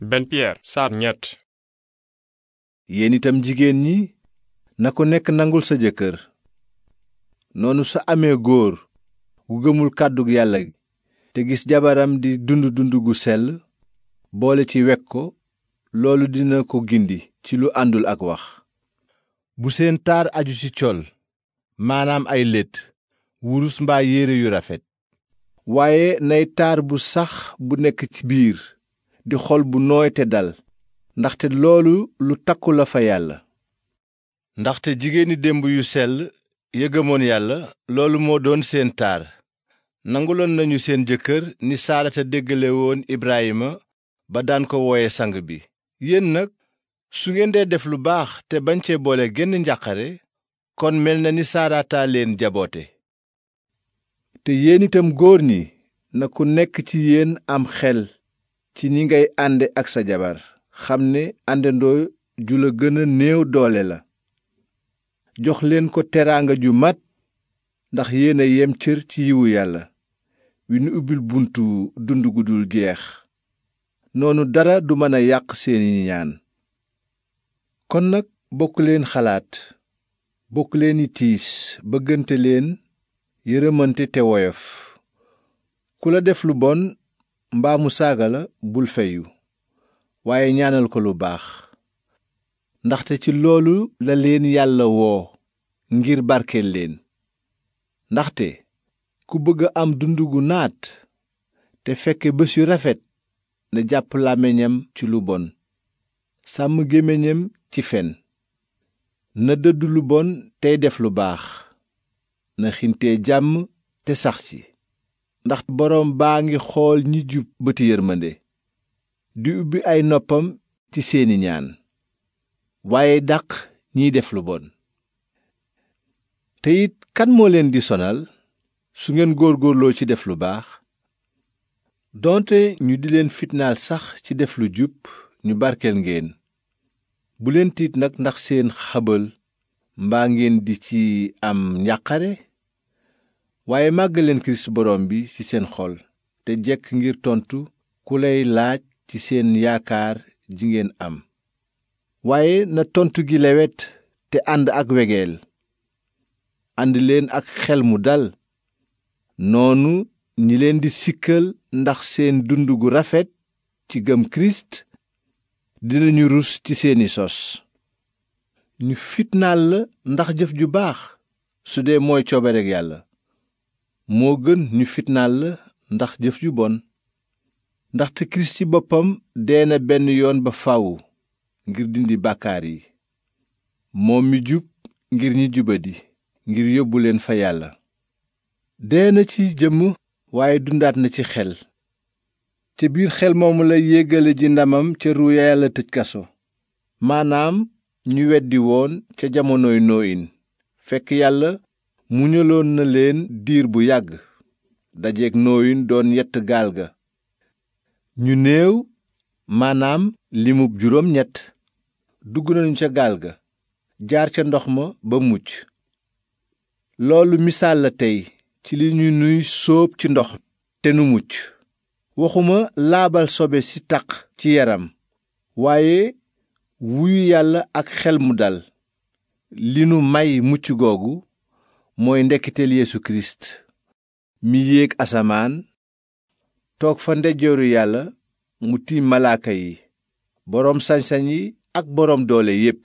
benn Pierre itam jigéen ñi na ko nekk nangul sa jëkkër noonu sa amee góor gu gëmul kàddu yàlla gi te gis jabaram di dund dund gu sell boole ci wek ko loolu dina ko gindi ci lu àndul ak wax bu seen taar aju ci col maanaam ay létt wurus mbaa yére yu rafet waaye nay taar bu sax bu nekk ci biir di xol bu nooy te dal ndaxte loolu lu takku la fa yàlla ndaxte jigéeni démb yu sell yëgëmoon yàlla loolu moo doon seen taar nanguloon nañu seen jëkkër ni saarata déggale woon ibraayima ba daan ko wooye sang bi yéen nag su ngeen dee def lu baax te bañ cee boole génn njàqare kon mel na ni saaraataa leen jaboote te yéen itam góor ni na ku nekk ci yéen am xel ci ni ngay ànde ak sa jabar xam ne àndandoo ju la gën a néew doole la jox leen ko teraanga ju mat ndax yéen a yem cër ci yiwu yàlla wi nu ubbil bunt dund gu dul jeex noonu dara du mën a yàq seeni ñaan kon nag bokk leen xalaat bokk leen i tiis bëggante leen yërëmante te woyof ku la def lu bon mbaa mu saaga la bul feyu waaye ñaanal ko lu baax ndaxte ci loolu la leen yàlla woo ngir barkeel leen ndaxte ku bëgg am dund gu naat te fekke bés yu rafet na jàpp làmmiñam ci lu bon sàmm gémmiñam ci fen na dëdd lu bon tey def lu baax na xintee jàmm te sax ci ndax boroom baa ngi xool ñi jub bëti yërmande di ubbi ay noppam ci seeni ñaan waaye dàq ñiy def lu bon te it kan moo leen di sonal su ngeen góor góorloo ci def lu baax doonte ñu di leen fitnaal sax ci def lu jub ñu barkeel ngeen bu leen tiit nag ndax seen xëbal mbaa ngeen di ci am njàqare waaye màggaleen kirist borom bi ci seen xol te jekk ngir tontu ku lay laaj ci seen yaakaar ji ngeen am waaye na tontu gi lewet te ànd ak wegeel ànd leen ak xel mu dal noonu ñi leen di sikkal ndax seen dund gu rafet ci gëm kirist dinañu rus ci seeni sos ñu fitnaal la ndax jëf ju baax su dee mooy coobareg yàlla moo gën ñu fitnaal la ndax jëf yu bon ndaxte kirist ci boppam dee na benn yoon ba faw ngir dindi bàkkaar yi moom mi jub ngir ñi jubadi ngir yóbbu leen fa yàlla dee na ci jëmm waaye dundaat na ci xel ci biir xel moomu la yéegale ji ndamam ca ruya yàlla tëj kaso maanaam ñu weddi woon ca jamonoy nooyin fekk yàlla mu muñaloon na leen diir bu yàgg dajeek nooyin doon yett gaal ga ñu néew maanaam limub juróom ñett dugg nañu ca gaal ga jaar ca ndox ma ba mucc loolu misaal la tey ci li ñu nuy sóob ci ndox te nu mucc waxuma laabal sobe ci taq ci yaram waaye wuyu yàlla ak xel mu dal li nu may mucc googu mooy ndekkiteel Yeesu Kirist mi yéeg asamaan toog fa ndejooru yàlla mu tiim malaaka yi boroom sañ-sañ yi ak boroom doole yépp